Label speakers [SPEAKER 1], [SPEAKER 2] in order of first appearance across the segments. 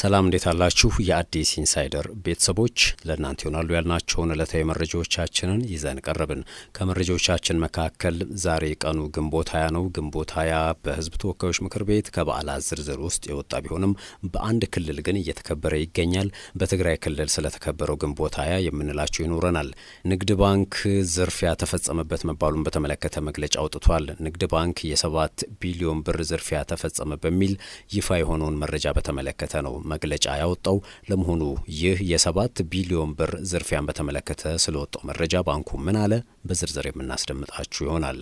[SPEAKER 1] ሰላም እንዴት አላችሁ? የአዲስ ኢንሳይደር ቤተሰቦች ለእናንተ ይሆናሉ ያልናቸውን ዕለታዊ መረጃዎቻችንን ይዘን ቀረብን። ከመረጃዎቻችን መካከል ዛሬ ቀኑ ግንቦት ሀያ ነው። ግንቦት ሀያ በህዝብ ተወካዮች ምክር ቤት ከበዓላት ዝርዝር ውስጥ የወጣ ቢሆንም በአንድ ክልል ግን እየተከበረ ይገኛል። በትግራይ ክልል ስለተከበረው ግንቦት ሀያ የምንላቸው ይኖረናል። ንግድ ባንክ ዝርፊያ ተፈጸመበት መባሉን በተመለከተ መግለጫ አውጥቷል። ንግድ ባንክ የሰባት ቢሊዮን ብር ዝርፊያ ተፈጸመ በሚል ይፋ የሆነውን መረጃ በተመለከተ ነው መግለጫ ያወጣው። ለመሆኑ ይህ የሰባት ቢሊዮን ብር ዝርፊያን በተመለከተ ስለወጣው መረጃ ባንኩ ምን አለ? በዝርዝር የምናስደምጣችሁ ይሆናል።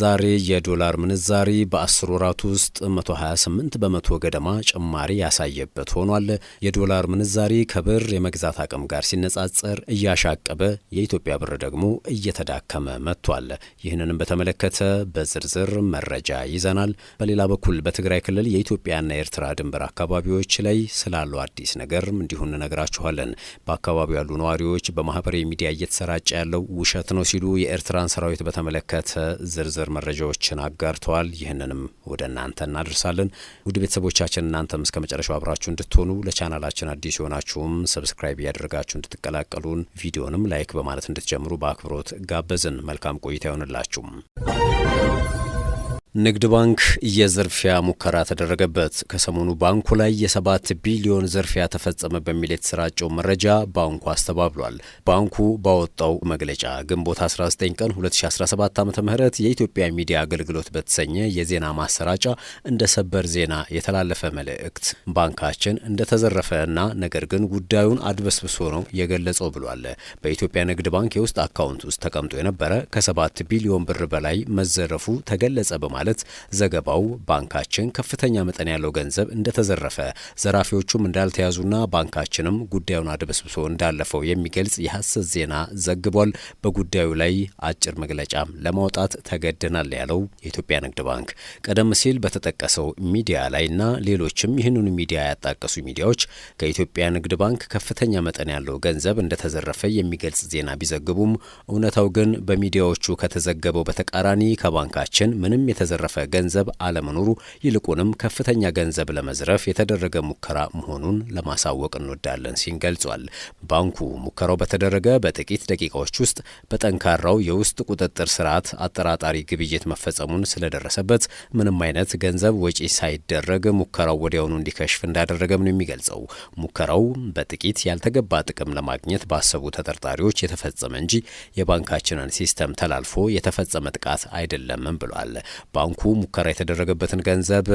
[SPEAKER 1] ዛሬ የዶላር ምንዛሪ በአስር ወራት ውስጥ 128 በመቶ ገደማ ጭማሪ ያሳየበት ሆኗል። የዶላር ምንዛሪ ከብር የመግዛት አቅም ጋር ሲነጻጸር እያሻቀበ፣ የኢትዮጵያ ብር ደግሞ እየተዳከመ መጥቷል። ይህንንም በተመለከተ በዝርዝር መረጃ ይዘናል። በሌላ በኩል በትግራይ ክልል የኢትዮጵያና የኤርትራ ድንበር አካባቢዎች ላይ ስላለው አዲስ ነገርም እንዲሁ እንነግራችኋለን። በአካባቢው ያሉ ነዋሪዎች በማህበራዊ ሚዲያ እየተሰራጨ ያለው ውሸት ነው ሲሉ የኤርትራን ሰራዊት በተመለከተ ዝርዝር መረጃዎችን አጋርተዋል። ይህንንም ወደ እናንተ እናደርሳለን። ውድ ቤተሰቦቻችን እናንተም እስከ መጨረሻው አብራችሁ እንድትሆኑ ለቻናላችን አዲስ የሆናችሁም ሰብስክራይብ እያደረጋችሁ እንድትቀላቀሉን ቪዲዮንም ላይክ በማለት እንድትጀምሩ በአክብሮት ጋበዝን። መልካም ቆይታ ይሆንላችሁም። ንግድ ባንክ የዝርፊያ ሙከራ ተደረገበት። ከሰሞኑ ባንኩ ላይ የሰባት ቢሊዮን ዝርፊያ ተፈጸመ በሚል የተሰራጨው መረጃ ባንኩ አስተባብሏል። ባንኩ ባወጣው መግለጫ ግንቦት 19 ቀን 2017 ዓ ም የኢትዮጵያ ሚዲያ አገልግሎት በተሰኘ የዜና ማሰራጫ እንደ ሰበር ዜና የተላለፈ መልእክት ባንካችን እንደተዘረፈ እና ነገር ግን ጉዳዩን አድበስብሶ ነው የገለጸው ብሏል። በኢትዮጵያ ንግድ ባንክ የውስጥ አካውንት ውስጥ ተቀምጦ የነበረ ከሰባት ቢሊዮን ብር በላይ መዘረፉ ተገለጸ በማለት በማለት ዘገባው ባንካችን ከፍተኛ መጠን ያለው ገንዘብ እንደተዘረፈ ዘራፊዎቹም እንዳልተያዙና ባንካችንም ጉዳዩን አድበስብሶ እንዳለፈው የሚገልጽ የሐሰት ዜና ዘግቧል። በጉዳዩ ላይ አጭር መግለጫም ለማውጣት ተገደናል ያለው የኢትዮጵያ ንግድ ባንክ ቀደም ሲል በተጠቀሰው ሚዲያ ላይና ሌሎችም ይህንኑ ሚዲያ ያጣቀሱ ሚዲያዎች ከኢትዮጵያ ንግድ ባንክ ከፍተኛ መጠን ያለው ገንዘብ እንደተዘረፈ የሚገልጽ ዜና ቢዘግቡም እውነታው ግን በሚዲያዎቹ ከተዘገበው በተቃራኒ ከባንካችን ምንም የተዘ የተዘረፈ ገንዘብ አለመኖሩ ይልቁንም ከፍተኛ ገንዘብ ለመዝረፍ የተደረገ ሙከራ መሆኑን ለማሳወቅ እንወዳለን ሲል ገልጿል። ባንኩ ሙከራው በተደረገ በጥቂት ደቂቃዎች ውስጥ በጠንካራው የውስጥ ቁጥጥር ስርዓት አጠራጣሪ ግብይት መፈጸሙን ስለደረሰበት ምንም አይነት ገንዘብ ወጪ ሳይደረግ ሙከራው ወዲያውኑ እንዲከሽፍ እንዳደረገም ነው የሚገልጸው። ሙከራው በጥቂት ያልተገባ ጥቅም ለማግኘት ባሰቡ ተጠርጣሪዎች የተፈጸመ እንጂ የባንካችንን ሲስተም ተላልፎ የተፈጸመ ጥቃት አይደለምም ብሏል። ባንኩ ሙከራ የተደረገበትን ገንዘብ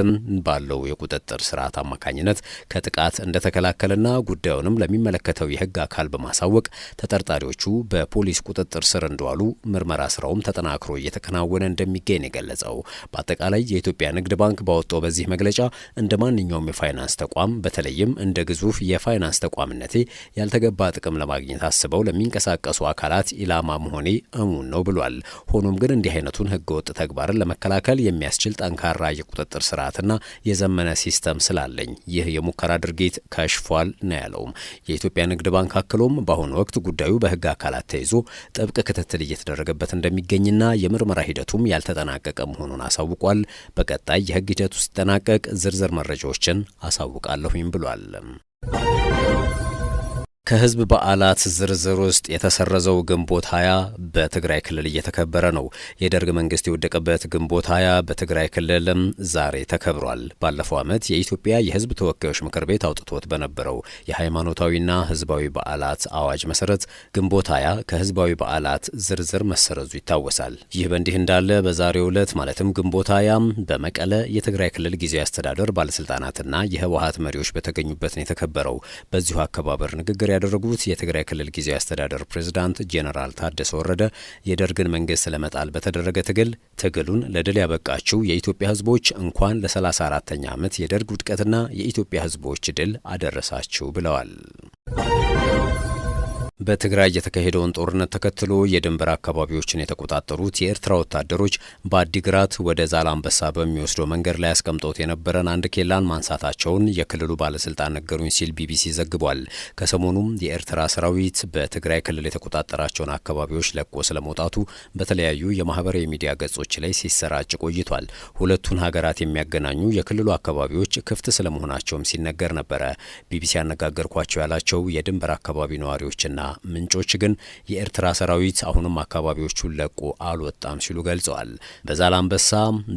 [SPEAKER 1] ባለው የቁጥጥር ስርዓት አማካኝነት ከጥቃት እንደተከላከለና ጉዳዩንም ለሚመለከተው የህግ አካል በማሳወቅ ተጠርጣሪዎቹ በፖሊስ ቁጥጥር ስር እንደዋሉ ምርመራ ስራውም ተጠናክሮ እየተከናወነ እንደሚገኝ የገለጸው በአጠቃላይ የኢትዮጵያ ንግድ ባንክ ባወጣው በዚህ መግለጫ እንደ ማንኛውም የፋይናንስ ተቋም በተለይም እንደ ግዙፍ የፋይናንስ ተቋምነቴ ያልተገባ ጥቅም ለማግኘት አስበው ለሚንቀሳቀሱ አካላት ኢላማ መሆኔ እሙን ነው ብሏል። ሆኖም ግን እንዲህ አይነቱን ህገወጥ ተግባርን ለመከላከል ለመከላከል የሚያስችል ጠንካራ የቁጥጥር ስርዓትና የዘመነ ሲስተም ስላለኝ ይህ የሙከራ ድርጊት ከሽፏል ነው ያለውም። የኢትዮጵያ ንግድ ባንክ አክሎም በአሁኑ ወቅት ጉዳዩ በህግ አካላት ተይዞ ጥብቅ ክትትል እየተደረገበት እንደሚገኝና የምርመራ ሂደቱም ያልተጠናቀቀ መሆኑን አሳውቋል። በቀጣይ የህግ ሂደቱ ሲጠናቀቅ ዝርዝር መረጃዎችን አሳውቃለሁኝ ብሏል። ከህዝብ በዓላት ዝርዝር ውስጥ የተሰረዘው ግንቦት ሀያ በትግራይ ክልል እየተከበረ ነው። የደርግ መንግስት የወደቀበት ግንቦት ሀያ በትግራይ ክልልም ዛሬ ተከብሯል። ባለፈው ዓመት የኢትዮጵያ የህዝብ ተወካዮች ምክር ቤት አውጥቶት በነበረው የሃይማኖታዊና ህዝባዊ በዓላት አዋጅ መሰረት ግንቦት ሀያ ከህዝባዊ በዓላት ዝርዝር መሰረዙ ይታወሳል። ይህ በእንዲህ እንዳለ በዛሬው ዕለት ማለትም ግንቦት ሀያም በመቀለ የትግራይ ክልል ጊዜያዊ አስተዳደር ባለስልጣናትና የህወሀት መሪዎች በተገኙበት ነው የተከበረው። በዚሁ አከባበር ንግግር ያደረጉት የትግራይ ክልል ጊዜያዊ አስተዳደር ፕሬዝዳንት ጄኔራል ታደሰ ወረደ የደርግን መንግስት ለመጣል በተደረገ ትግል ትግሉን ለድል ያበቃችው የኢትዮጵያ ህዝቦች እንኳን ለ34ተኛ ዓመት የደርግ ውድቀትና የኢትዮጵያ ህዝቦች ድል አደረሳችሁ ብለዋል። በትግራይ የተካሄደውን ጦርነት ተከትሎ የድንበር አካባቢዎችን የተቆጣጠሩት የኤርትራ ወታደሮች በአዲግራት ወደ ዛላንበሳ በሚወስደው መንገድ ላይ አስቀምጠውት የነበረን አንድ ኬላን ማንሳታቸውን የክልሉ ባለስልጣን ነገሩኝ ሲል ቢቢሲ ዘግቧል። ከሰሞኑም የኤርትራ ሰራዊት በትግራይ ክልል የተቆጣጠራቸውን አካባቢዎች ለቆ ስለመውጣቱ በተለያዩ የማህበራዊ ሚዲያ ገጾች ላይ ሲሰራጭ ቆይቷል። ሁለቱን ሀገራት የሚያገናኙ የክልሉ አካባቢዎች ክፍት ስለመሆናቸውም ሲነገር ነበረ። ቢቢሲ ያነጋገርኳቸው ያላቸው የድንበር አካባቢ ነዋሪዎችና ምንጮች ግን የኤርትራ ሰራዊት አሁንም አካባቢዎቹን ለቆ አልወጣም ሲሉ ገልጸዋል። በዛላምበሳ፣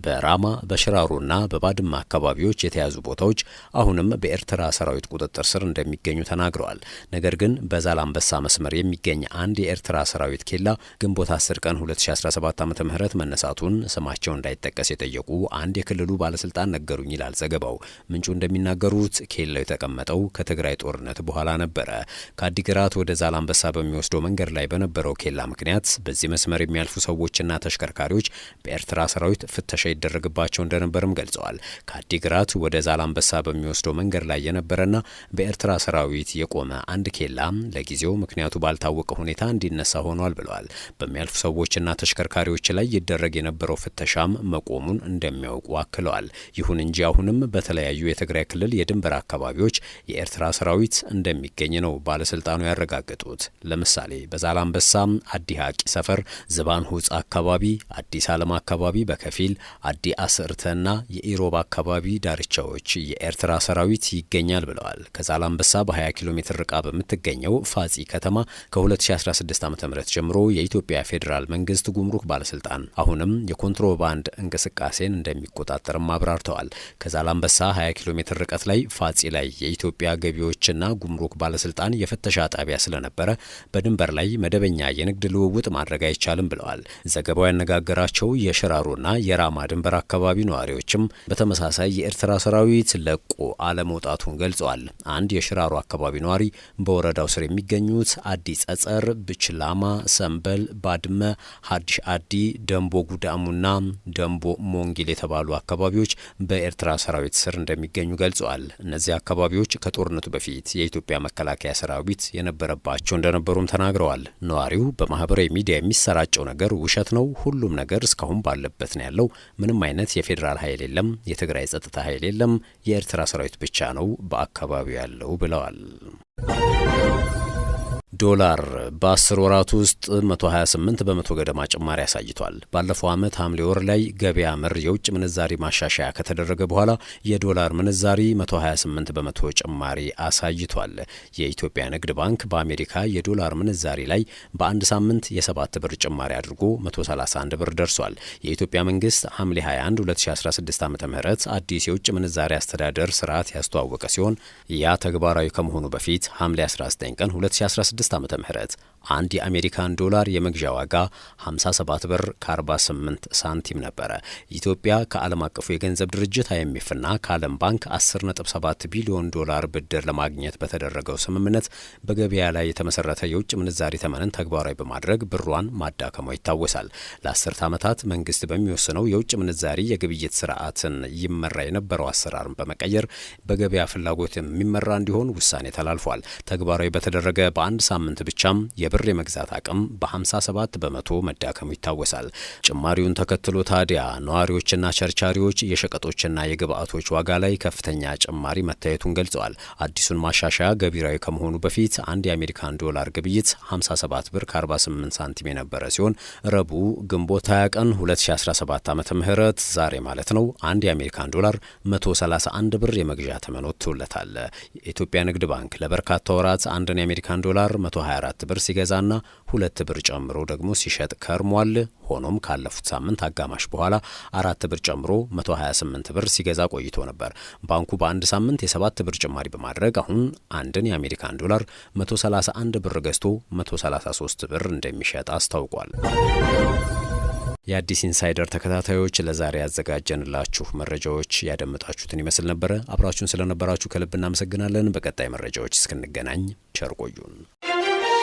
[SPEAKER 1] በራማ፣ በሽራሮና በባድማ አካባቢዎች የተያዙ ቦታዎች አሁንም በኤርትራ ሰራዊት ቁጥጥር ስር እንደሚገኙ ተናግረዋል። ነገር ግን በዛላምበሳ መስመር የሚገኝ አንድ የኤርትራ ሰራዊት ኬላ ግንቦት 10 ቀን 2017 ዓ ም መነሳቱን ስማቸው እንዳይጠቀስ የጠየቁ አንድ የክልሉ ባለስልጣን ነገሩኝ ይላል ዘገባው። ምንጩ እንደሚናገሩት ኬላው የተቀመጠው ከትግራይ ጦርነት በኋላ ነበረ። ከአዲግራት ወደ ዛላ አንበሳ በሚወስደው መንገድ ላይ በነበረው ኬላ ምክንያት በዚህ መስመር የሚያልፉ ሰዎችና ተሽከርካሪዎች በኤርትራ ሰራዊት ፍተሻ ይደረግባቸው እንደነበርም ገልጸዋል። ከአዲግራት ወደ ዛላንበሳ በሚወስደው መንገድ ላይ የነበረና በኤርትራ ሰራዊት የቆመ አንድ ኬላ ለጊዜው ምክንያቱ ባልታወቀ ሁኔታ እንዲነሳ ሆኗል ብለዋል። በሚያልፉ ሰዎችና ተሽከርካሪዎች ላይ ይደረግ የነበረው ፍተሻም መቆሙን እንደሚያውቁ አክለዋል። ይሁን እንጂ አሁንም በተለያዩ የትግራይ ክልል የድንበር አካባቢዎች የኤርትራ ሰራዊት እንደሚገኝ ነው ባለስልጣኑ ያረጋገጡ የወጡት። ለምሳሌ በዛላምበሳም አዲ ሀቂ ሰፈር፣ ዝባን ሁጽ አካባቢ፣ አዲስ ዓለም አካባቢ በከፊል አዲ አስርተና የኢሮብ አካባቢ ዳርቻዎች የኤርትራ ሰራዊት ይገኛል ብለዋል። ከዛላምበሳ በ20 ኪሎ ሜትር ርቃ በምትገኘው ፋጺ ከተማ ከ2016 ዓ ም ጀምሮ የኢትዮጵያ ፌዴራል መንግስት ጉምሩክ ባለስልጣን አሁንም የኮንትሮባንድ እንቅስቃሴን እንደሚቆጣጠርም አብራርተዋል። ከዛላምበሳ 20 ኪሎ ሜትር ርቀት ላይ ፋጺ ላይ የኢትዮጵያ ገቢዎችና ጉምሩክ ባለስልጣን የፍተሻ ጣቢያ ስለነበር ካልተከበረ በድንበር ላይ መደበኛ የንግድ ልውውጥ ማድረግ አይቻልም ብለዋል። ዘገባው ያነጋገራቸው የሽራሮና የራማ ድንበር አካባቢ ነዋሪዎችም በተመሳሳይ የኤርትራ ሰራዊት ለቆ አለመውጣቱን ገልጸዋል። አንድ የሽራሮ አካባቢ ነዋሪ በወረዳው ስር የሚገኙት አዲስ ጸጸር፣ ብችላማ፣ ሰንበል፣ ባድመ፣ ሀዲሽ አዲ፣ ደንቦ ጉዳሙና ደንቦ ሞንጊል የተባሉ አካባቢዎች በኤርትራ ሰራዊት ስር እንደሚገኙ ገልጸዋል። እነዚህ አካባቢዎች ከጦርነቱ በፊት የኢትዮጵያ መከላከያ ሰራዊት የነበረባቸው ሲያደርጓቸው እንደነበሩም ተናግረዋል። ነዋሪው በማህበራዊ ሚዲያ የሚሰራጨው ነገር ውሸት ነው፣ ሁሉም ነገር እስካሁን ባለበት ነው ያለው፣ ምንም አይነት የፌዴራል ኃይል የለም፣ የትግራይ ጸጥታ ኃይል የለም፣ የኤርትራ ሰራዊት ብቻ ነው በአካባቢው ያለው ብለዋል። ዶላር በ10 ወራት ውስጥ 128 በመቶ ገደማ ጭማሪ አሳይቷል። ባለፈው ዓመት ሐምሌ ወር ላይ ገበያ መር የውጭ ምንዛሪ ማሻሻያ ከተደረገ በኋላ የዶላር ምንዛሪ 128 በመቶ ጭማሪ አሳይቷል። የኢትዮጵያ ንግድ ባንክ በአሜሪካ የዶላር ምንዛሪ ላይ በአንድ ሳምንት የ7 ብር ጭማሪ አድርጎ 131 ብር ደርሷል። የኢትዮጵያ መንግስት ሐምሌ 21 2016 ዓ ም አዲስ የውጭ ምንዛሪ አስተዳደር ስርዓት ያስተዋወቀ ሲሆን ያ ተግባራዊ ከመሆኑ በፊት ሐምሌ 19 ቀን 2016 2016 ዓ ም አንድ የአሜሪካን ዶላር የመግዣ ዋጋ 57 ብር ከ48 ሳንቲም ነበረ። ኢትዮጵያ ከዓለም አቀፉ የገንዘብ ድርጅት አይኤምኤፍና ከዓለም ባንክ 10.7 ቢሊዮን ዶላር ብድር ለማግኘት በተደረገው ስምምነት በገበያ ላይ የተመሰረተ የውጭ ምንዛሪ ተመንን ተግባራዊ በማድረግ ብሯን ማዳከሟ ይታወሳል። ለአስርተ ዓመታት መንግስት በሚወስነው የውጭ ምንዛሪ የግብይት ስርዓትን ይመራ የነበረው አሰራርን በመቀየር በገበያ ፍላጎት የሚመራ እንዲሆን ውሳኔ ተላልፏል። ተግባራዊ በተደረገ በአንድ ሳምንት ብቻም የብር የመግዛት አቅም በ57 በመቶ መዳከሙ ይታወሳል። ጭማሪውን ተከትሎ ታዲያ ነዋሪዎችና ቸርቻሪዎች የሸቀጦችና የግብአቶች ዋጋ ላይ ከፍተኛ ጭማሪ መታየቱን ገልጸዋል። አዲሱን ማሻሻያ ገቢራዊ ከመሆኑ በፊት አንድ የአሜሪካን ዶላር ግብይት 57 ብር ከ48 ሳንቲም የነበረ ሲሆን ረቡዕ ግንቦት 20 ቀን 2017 ዓ ም ዛሬ ማለት ነው አንድ የአሜሪካን ዶላር 131 ብር የመግዣ ተመኖ ትውለታል። የኢትዮጵያ ንግድ ባንክ ለበርካታ ወራት አንድን የአሜሪካን ዶላር 124 ብር ሲገዛና ሁለት ብር ጨምሮ ደግሞ ሲሸጥ ከርሟል። ሆኖም ካለፉት ሳምንት አጋማሽ በኋላ አራት ብር ጨምሮ 128 ብር ሲገዛ ቆይቶ ነበር። ባንኩ በአንድ ሳምንት የሰባት ብር ጭማሪ በማድረግ አሁን አንድን የአሜሪካን ዶላር 131 ብር ገዝቶ 133 ብር እንደሚሸጥ አስታውቋል። የአዲስ ኢንሳይደር ተከታታዮች ለዛሬ ያዘጋጀንላችሁ መረጃዎች ያደምጣችሁትን ይመስል ነበረ። አብራችሁን ስለነበራችሁ ከልብ እናመሰግናለን። በቀጣይ መረጃዎች እስክንገናኝ ቸር ቆዩን።